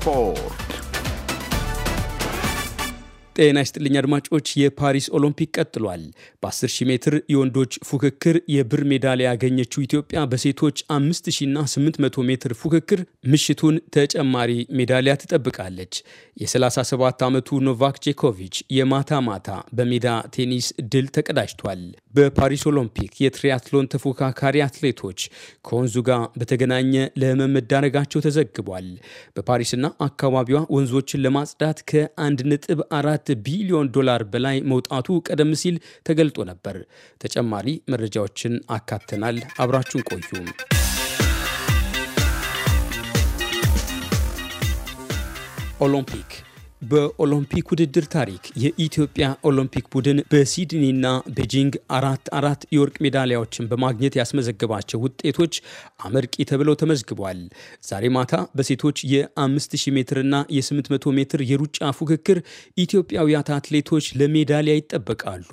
Four. ጤና ይስጥልኝ አድማጮች፣ የፓሪስ ኦሎምፒክ ቀጥሏል። በ10 ሺህ ሜትር የወንዶች ፉክክር የብር ሜዳሊያ ያገኘችው ኢትዮጵያ በሴቶች 5000ና 800 ሜትር ፉክክር ምሽቱን ተጨማሪ ሜዳሊያ ትጠብቃለች። የ37 ዓመቱ ኖቫክ ጄኮቪች የማታ ማታ በሜዳ ቴኒስ ድል ተቀዳጅቷል። በፓሪስ ኦሎምፒክ የትሪያትሎን ተፎካካሪ አትሌቶች ከወንዙ ጋር በተገናኘ ለመመዳረጋቸው መዳረጋቸው ተዘግቧል። በፓሪስና አካባቢዋ ወንዞችን ለማጽዳት ከ1 ነጥብ 4 ከ ቢሊዮን ዶላር በላይ መውጣቱ ቀደም ሲል ተገልጦ ነበር። ተጨማሪ መረጃዎችን አካተናል። አብራችሁን ቆዩ። ኦሎምፒክ በኦሎምፒክ ውድድር ታሪክ የኢትዮጵያ ኦሎምፒክ ቡድን በሲድኒና ቤጂንግ አራት አራት የወርቅ ሜዳሊያዎችን በማግኘት ያስመዘገባቸው ውጤቶች አመርቂ ተብለው ተመዝግቧል። ዛሬ ማታ በሴቶች የ5000 ሜትርና የ800 ሜትር የሩጫ ፉክክር ኢትዮጵያውያት አትሌቶች ለሜዳሊያ ይጠበቃሉ።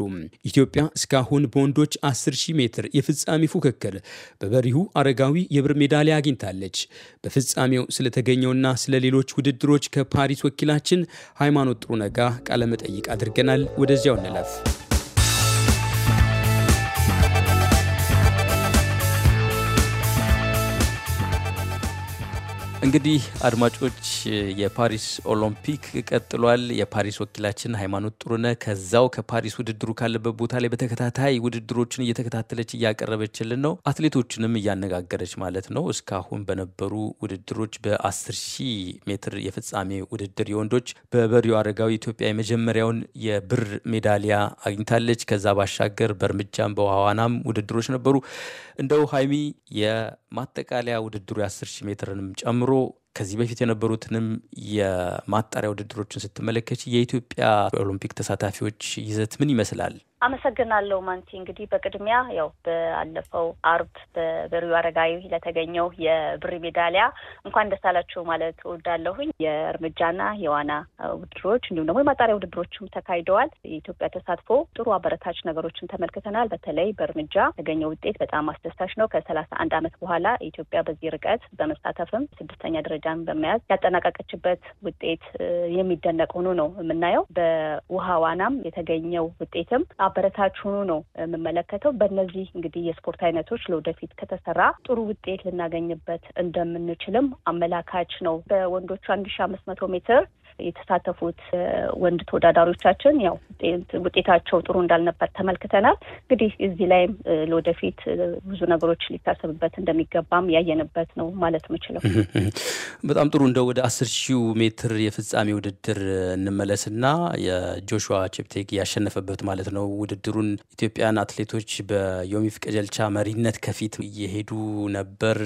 ኢትዮጵያ እስካሁን በወንዶች 10000 ሜትር የፍጻሜ ፉክክር በበሪሁ አረጋዊ የብር ሜዳሊያ አግኝታለች። በፍጻሜው ስለተገኘውና ስለሌሎች ውድድሮች ከፓሪስ ወኪላችን ሃይማኖት ጥሩ ነጋ ቃለመጠይቅ አድርገናል። ወደዚያው እንለፍ። እንግዲህ አድማጮች የፓሪስ ኦሎምፒክ ቀጥሏል። የፓሪስ ወኪላችን ሃይማኖት ጥሩነ ከዛው ከፓሪስ ውድድሩ ካለበት ቦታ ላይ በተከታታይ ውድድሮችን እየተከታተለች እያቀረበችልን ነው። አትሌቶችንም እያነጋገረች ማለት ነው። እስካሁን በነበሩ ውድድሮች በ10 ሜትር የፍጻሜ ውድድር የወንዶች በበሪው አረጋዊ ኢትዮጵያ የመጀመሪያውን የብር ሜዳሊያ አግኝታለች። ከዛ ባሻገር በእርምጃም በውሃ ውድድሮች ነበሩ። እንደው ሀይሚ ማጠቃለያ ውድድሩ የ10 ሺህ ሜትርንም ጨምሮ ከዚህ በፊት የነበሩትንም የማጣሪያ ውድድሮችን ስትመለከች የኢትዮጵያ ኦሎምፒክ ተሳታፊዎች ይዘት ምን ይመስላል? አመሰግናለሁ ማንቲ። እንግዲህ በቅድሚያ ያው በአለፈው አርብ በበሪው አረጋዊ ለተገኘው የብር ሜዳሊያ እንኳን ደስ አላችሁ ማለት እወዳለሁኝ። የእርምጃና የዋና ውድድሮች እንዲሁም ደግሞ የማጣሪያ ውድድሮችም ተካሂደዋል። የኢትዮጵያ ተሳትፎ ጥሩ አበረታች ነገሮችን ተመልክተናል። በተለይ በእርምጃ የተገኘው ውጤት በጣም አስደሳች ነው። ከሰላሳ አንድ አመት በኋላ ኢትዮጵያ በዚህ ርቀት በመሳተፍም ስድስተኛ ደረጃ ደም በመያዝ ያጠናቀቀችበት ውጤት የሚደነቅ ሆኖ ነው የምናየው። በውሃ ዋናም የተገኘው ውጤትም አበረታች ሆኖ ነው የምመለከተው። በእነዚህ እንግዲህ የስፖርት አይነቶች ለወደፊት ከተሰራ ጥሩ ውጤት ልናገኝበት እንደምንችልም አመላካች ነው። በወንዶቹ አንድ ሺ አምስት መቶ ሜትር የተሳተፉት ወንድ ተወዳዳሪዎቻችን ያው ውጤታቸው ጥሩ እንዳልነበር ተመልክተናል። እንግዲህ እዚህ ላይም ለወደፊት ብዙ ነገሮች ሊታሰብበት እንደሚገባም ያየንበት ነው ማለት ምችለው። በጣም ጥሩ እንደ ወደ አስር ሺው ሜትር የፍጻሜ ውድድር እንመለስና የጆሹዋ ቼፕቴግ ያሸነፈበት ማለት ነው ውድድሩን ኢትዮጵያን አትሌቶች በዮሚፍ ቀጀልቻ መሪነት ከፊት እየሄዱ ነበር።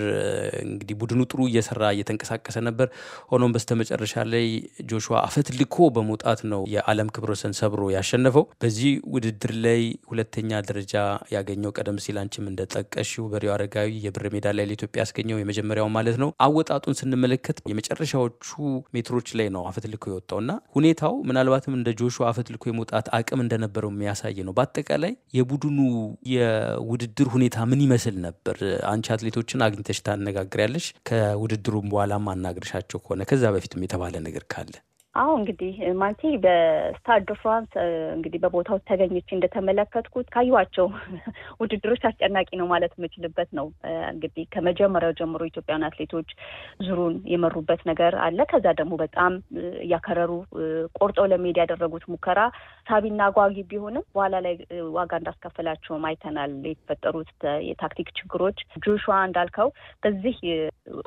እንግዲህ ቡድኑ ጥሩ እየሰራ እየተንቀሳቀሰ ነበር። ሆኖም በስተመጨረሻ ላይ ጆ በመጨረሻ አፈትልኮ በመውጣት ነው የዓለም ክብረ ወሰን ሰብሮ ያሸነፈው። በዚህ ውድድር ላይ ሁለተኛ ደረጃ ያገኘው ቀደም ሲል አንቺም እንደጠቀሽው በሪዮ አረጋዊ የብር ሜዳሊያ ለኢትዮጵያ ያስገኘው የመጀመሪያው ማለት ነው። አወጣጡን ስንመለከት የመጨረሻዎቹ ሜትሮች ላይ ነው አፈትልኮ የወጣው እና ሁኔታው ምናልባትም እንደ ጆሹዋ አፈትልኮ የመውጣት አቅም እንደነበረው የሚያሳይ ነው። በአጠቃላይ የቡድኑ የውድድር ሁኔታ ምን ይመስል ነበር? አንቺ አትሌቶችን አግኝተሽ ታነጋግሪያለሽ። ከውድድሩም በኋላም አናግርሻቸው ከሆነ ከዛ በፊትም የተባለ ነገር ካለ አሁ እንግዲህ ማለቴ በስታድ ፍራንስ እንግዲህ በቦታው ተገኝቼ እንደተመለከትኩት ካየኋቸው ውድድሮች አስጨናቂ ነው ማለት የምችልበት ነው። እንግዲህ ከመጀመሪያው ጀምሮ ኢትዮጵያውያን አትሌቶች ዙሩን የመሩበት ነገር አለ። ከዛ ደግሞ በጣም እያከረሩ ቆርጠው ለመሄድ ያደረጉት ሙከራ ሳቢና ጓጊ ቢሆንም በኋላ ላይ ዋጋ እንዳስከፈላቸውም አይተናል። የተፈጠሩት የታክቲክ ችግሮች ጆሹዋ እንዳልከው በዚህ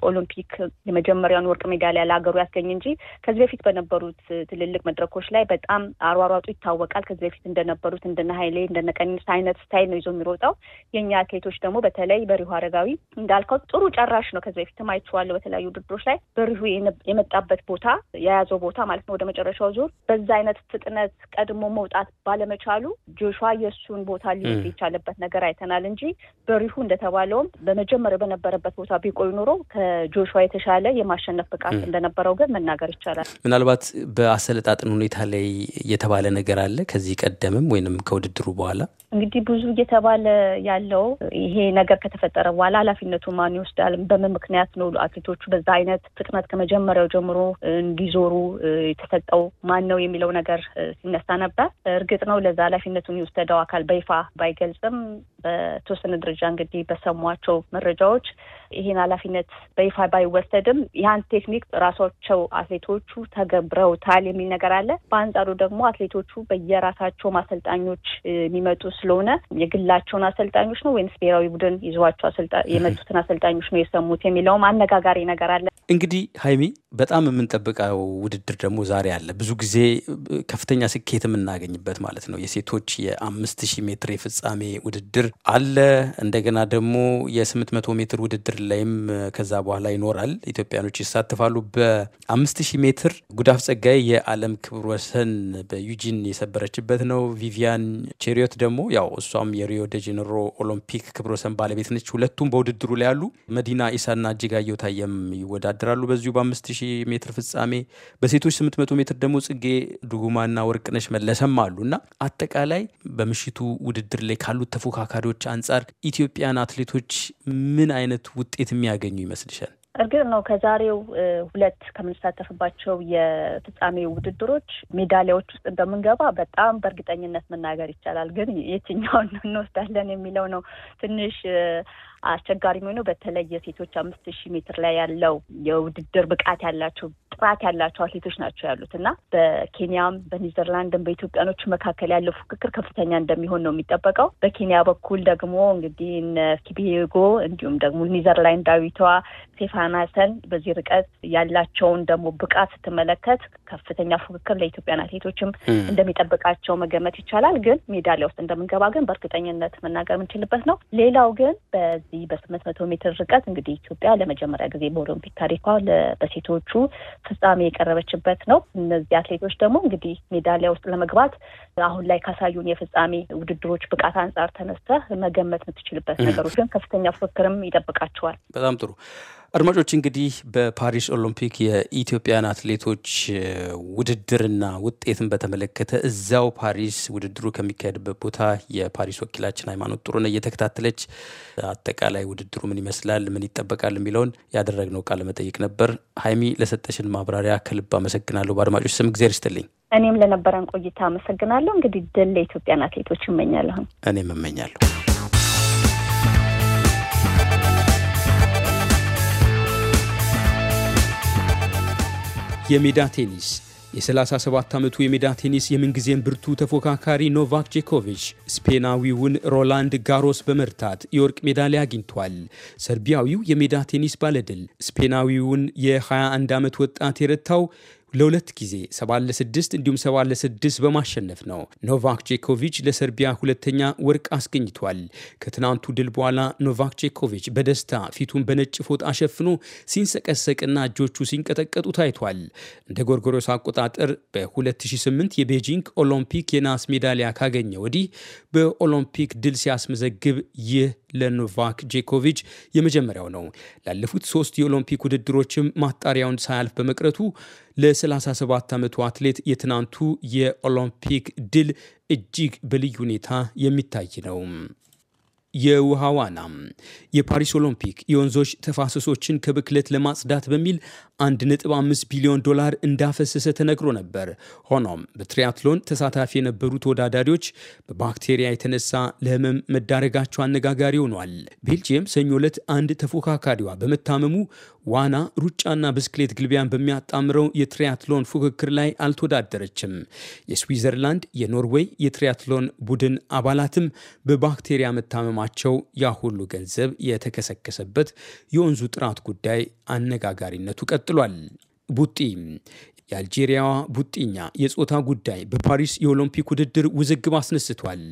ኦሎምፒክ የመጀመሪያውን ወርቅ ሜዳሊያ ለሀገሩ ያስገኝ እንጂ ከዚህ በፊት በነበሩ በነበሩት ትልልቅ መድረኮች ላይ በጣም አሯሯጡ ይታወቃል። ከዚህ በፊት እንደነበሩት እንደነ ሀይሌ እንደነ ቀኒስ አይነት ስታይል ነው ይዞ የሚሮጠው። የእኛ አትሌቶች ደግሞ በተለይ በሪሁ አረጋዊ እንዳልከው ጥሩ ጨራሽ ነው። ከዚህ በፊትም አይቼዋለሁ በተለያዩ ውድድሮች ላይ በሪሁ የመጣበት ቦታ የያዘው ቦታ ማለት ነው ወደ መጨረሻው ዙር በዛ አይነት ፍጥነት ቀድሞ መውጣት ባለመቻሉ ጆሹዋ የእሱን ቦታ ሊይዝ የቻለበት ነገር አይተናል እንጂ በሪሁ እንደተባለውም በመጀመሪያው በነበረበት ቦታ ቢቆይ ኖሮ ከጆሹዋ የተሻለ የማሸነፍ ብቃት እንደነበረው ግን መናገር ይቻላል። ምናልባት በአሰለጣጥን ሁኔታ ላይ የተባለ ነገር አለ ከዚህ ቀደምም ወይንም ከውድድሩ በኋላ እንግዲህ ብዙ እየተባለ ያለው ይሄ ነገር ከተፈጠረ በኋላ ኃላፊነቱ ማን ይወስዳል? በምን ምክንያት ነው አትሌቶቹ በዛ አይነት ፍጥነት ከመጀመሪያው ጀምሮ እንዲዞሩ የተሰጠው ማን ነው የሚለው ነገር ሲነሳ ነበር። እርግጥ ነው ለዛ ኃላፊነቱን የወሰደው አካል በይፋ ባይገልጽም በተወሰነ ደረጃ እንግዲህ በሰሟቸው መረጃዎች ይህን ኃላፊነት በይፋ ባይወሰድም ያን ቴክኒክ ራሳቸው አትሌቶቹ ተገብረውታል የሚል ነገር አለ። በአንጻሩ ደግሞ አትሌቶቹ በየራሳቸው አሰልጣኞች የሚመጡ ስለሆነ የግላቸውን አሰልጣኞች ነው ወይምስ ብሔራዊ ቡድን ይዟቸው የመጡትን አሰልጣኞች ነው የሰሙት የሚለውም አነጋጋሪ ነገር አለ። እንግዲህ ሀይሚ በጣም የምንጠብቀው ውድድር ደግሞ ዛሬ አለ። ብዙ ጊዜ ከፍተኛ ስኬት የምናገኝበት ማለት ነው። የሴቶች የአምስት ሺህ ሜትር የፍጻሜ ውድድር አለ። እንደገና ደግሞ የስምንት መቶ ሜትር ውድድር ውድድር ላይም ከዛ በኋላ ይኖራል። ኢትዮጵያኖች ይሳተፋሉ። በ5000 ሜትር ጉዳፍ ጸጋይ የዓለም ክብር ወሰን በዩጂን የሰበረችበት ነው። ቪቪያን ቼሪዮት ደግሞ ያው እሷም የሪዮ ደጀኔሮ ኦሎምፒክ ክብር ወሰን ባለቤት ነች። ሁለቱም በውድድሩ ላይ ያሉ መዲና ኢሳና እጅጋየሁ ታየም ይወዳደራሉ በዚሁ በ5000 ሜትር ፍጻሜ። በሴቶች 800 ሜትር ደግሞ ጽጌ ድጉማና ወርቅነሽ መለሰም አሉ እና አጠቃላይ በምሽቱ ውድድር ላይ ካሉት ተፎካካሪዎች አንጻር ኢትዮጵያን አትሌቶች ምን አይነት ውጤት የሚያገኙ ይመስልሻል? እርግጥ ነው ከዛሬው ሁለት ከምንሳተፍባቸው የፍጻሜ ውድድሮች ሜዳሊያዎች ውስጥ እንደምንገባ በጣም በእርግጠኝነት መናገር ይቻላል። ግን የትኛውን እንወስዳለን የሚለው ነው ትንሽ አስቸጋሪ የሚሆነው በተለይ የሴቶች አምስት ሺህ ሜትር ላይ ያለው የውድድር ብቃት ያላቸው ጥራት ያላቸው አትሌቶች ናቸው ያሉት እና በኬንያም በኔዘርላንድም በኢትዮጵያኖች መካከል ያለው ፉክክር ከፍተኛ እንደሚሆን ነው የሚጠበቀው። በኬንያ በኩል ደግሞ እንግዲህ ኪቢጎ እንዲሁም ደግሞ ኔዘርላንዳዊቷ ሴፋናሰን በዚህ ርቀት ያላቸውን ደግሞ ብቃት ስትመለከት ከፍተኛ ፉክክር ለኢትዮጵያን አትሌቶችም እንደሚጠብቃቸው መገመት ይቻላል። ግን ሜዳሊያ ውስጥ እንደምንገባ ግን በእርግጠኝነት መናገር የምንችልበት ነው። ሌላው ግን በዚህ በስምንት መቶ ሜትር ርቀት እንግዲህ ኢትዮጵያ ለመጀመሪያ ጊዜ በኦሎምፒክ ታሪኳ በሴቶቹ ፍጻሜ የቀረበችበት ነው። እነዚህ አትሌቶች ደግሞ እንግዲህ ሜዳሊያ ውስጥ ለመግባት አሁን ላይ ካሳዩን የፍጻሜ ውድድሮች ብቃት አንጻር ተነስተህ መገመት የምትችልበት ነገሮች፣ ግን ከፍተኛ ፉክክርም ይጠብቃቸዋል። በጣም ጥሩ አድማጮች እንግዲህ በፓሪስ ኦሎምፒክ የኢትዮጵያን አትሌቶች ውድድርና ውጤትን በተመለከተ እዚያው ፓሪስ ውድድሩ ከሚካሄድበት ቦታ የፓሪስ ወኪላችን ሃይማኖት ጥሩነ እየተከታተለች አጠቃላይ ውድድሩ ምን ይመስላል፣ ምን ይጠበቃል የሚለውን ያደረግነው ቃለ መጠይቅ ነበር። ሀይሚ ለሰጠሽን ማብራሪያ ከልብ አመሰግናለሁ። በአድማጮች ስም እግዜር ይስጥልኝ። እኔም ለነበረን ቆይታ አመሰግናለሁ። እንግዲህ ድል ለኢትዮጵያን አትሌቶች እመኛለሁ። እኔም እመኛለሁ። የሜዳ ቴኒስ የ37 ዓመቱ የሜዳ ቴኒስ የምንጊዜም ብርቱ ተፎካካሪ ኖቫክ ጄኮቪች ስፔናዊውን ሮላንድ ጋሮስ በመርታት የወርቅ ሜዳሊያ አግኝቷል። ሰርቢያዊው የሜዳ ቴኒስ ባለድል ስፔናዊውን የ21 ዓመት ወጣት የረታው ለሁለት ጊዜ 7 ለ6 እንዲሁም 7 ለ6 በማሸነፍ ነው። ኖቫክ ጄኮቪች ለሰርቢያ ሁለተኛ ወርቅ አስገኝቷል። ከትናንቱ ድል በኋላ ኖቫክ ጄኮቪች በደስታ ፊቱን በነጭ ፎጣ ሸፍኖ ሲንሰቀሰቅና እጆቹ ሲንቀጠቀጡ ታይቷል። እንደ ጎርጎሮስ አቆጣጠር በ2008 የቤጂንግ ኦሎምፒክ የናስ ሜዳሊያ ካገኘ ወዲህ በኦሎምፒክ ድል ሲያስመዘግብ ይህ ለኖቫክ ጄኮቪች የመጀመሪያው ነው። ላለፉት ሶስት የኦሎምፒክ ውድድሮችም ማጣሪያውን ሳያልፍ በመቅረቱ የ37 ዓመቱ አትሌት የትናንቱ የኦሎምፒክ ድል እጅግ በልዩ ሁኔታ የሚታይ ነው። የውሃ ዋና የፓሪስ ኦሎምፒክ የወንዞች ተፋሰሶችን ከብክለት ለማጽዳት በሚል 1.5 ቢሊዮን ዶላር እንዳፈሰሰ ተነግሮ ነበር። ሆኖም በትሪያትሎን ተሳታፊ የነበሩ ተወዳዳሪዎች በባክቴሪያ የተነሳ ለህመም መዳረጋቸው አነጋጋሪ ሆኗል። ቤልጅየም ሰኞ ዕለት አንድ ተፎካካሪዋ በመታመሙ ዋና፣ ሩጫና ብስክሌት ግልቢያን በሚያጣምረው የትሪያትሎን ፉክክር ላይ አልተወዳደረችም። የስዊዘርላንድ፣ የኖርዌይ የትሪያትሎን ቡድን አባላትም በባክቴሪያ መታመማቸው መኖራቸው ያ ሁሉ ገንዘብ የተከሰከሰበት የወንዙ ጥራት ጉዳይ አነጋጋሪነቱ ቀጥሏል። ቡጢ የአልጄሪያዋ ቡጢኛ የጾታ ጉዳይ በፓሪስ የኦሎምፒክ ውድድር ውዝግብ አስነስቷል።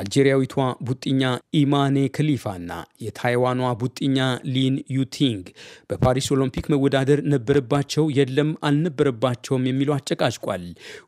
አልጄሪያዊቷ ቡጢኛ ኢማኔ ክሊፋና የታይዋኗ ቡጢኛ ሊን ዩቲንግ በፓሪስ ኦሎምፒክ መወዳደር ነበረባቸው፣ የለም አልነበረባቸውም የሚለው አጨቃጭቋል።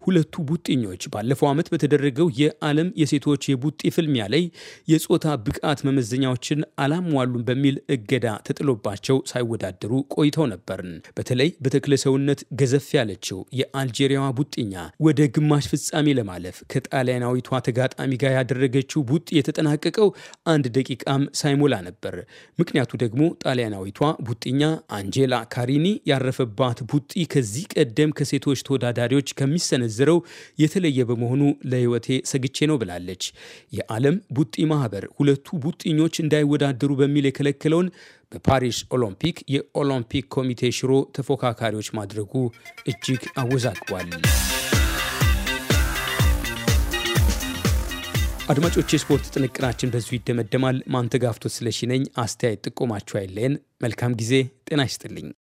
ሁለቱ ቡጢኞች ባለፈው ዓመት በተደረገው የዓለም የሴቶች የቡጢ ፍልሚያ ላይ የጾታ ብቃት መመዘኛዎችን አላሟሉም በሚል እገዳ ተጥሎባቸው ሳይወዳደሩ ቆይተው ነበር። በተለይ በተክለ ሰውነት ገዘፍ ያለች ያላቸው የአልጄሪያዋ ቡጢኛ ወደ ግማሽ ፍጻሜ ለማለፍ ከጣሊያናዊቷ ተጋጣሚ ጋር ያደረገችው ቡጢ የተጠናቀቀው አንድ ደቂቃም ሳይሞላ ነበር። ምክንያቱ ደግሞ ጣሊያናዊቷ ቡጥኛ አንጄላ ካሪኒ ያረፈባት ቡጢ ከዚህ ቀደም ከሴቶች ተወዳዳሪዎች ከሚሰነዝረው የተለየ በመሆኑ ለሕይወቴ ሰግቼ ነው ብላለች። የዓለም ቡጢ ማህበር ሁለቱ ቡጢኞች እንዳይወዳደሩ በሚል የከለከለውን በፓሪስ ኦሎምፒክ የኦሎምፒክ ኮሚቴ ሽሮ ተፎካካሪዎች ማድረጉ እጅግ አወዛግቧል። አድማጮች፣ የስፖርት ጥንቅናችን በዙ ይደመደማል። ማንተጋፍቶት ስለሺ ነኝ። አስተያየት ጥቆማችሁ አይለየን። መልካም ጊዜ። ጤና ይስጥልኝ።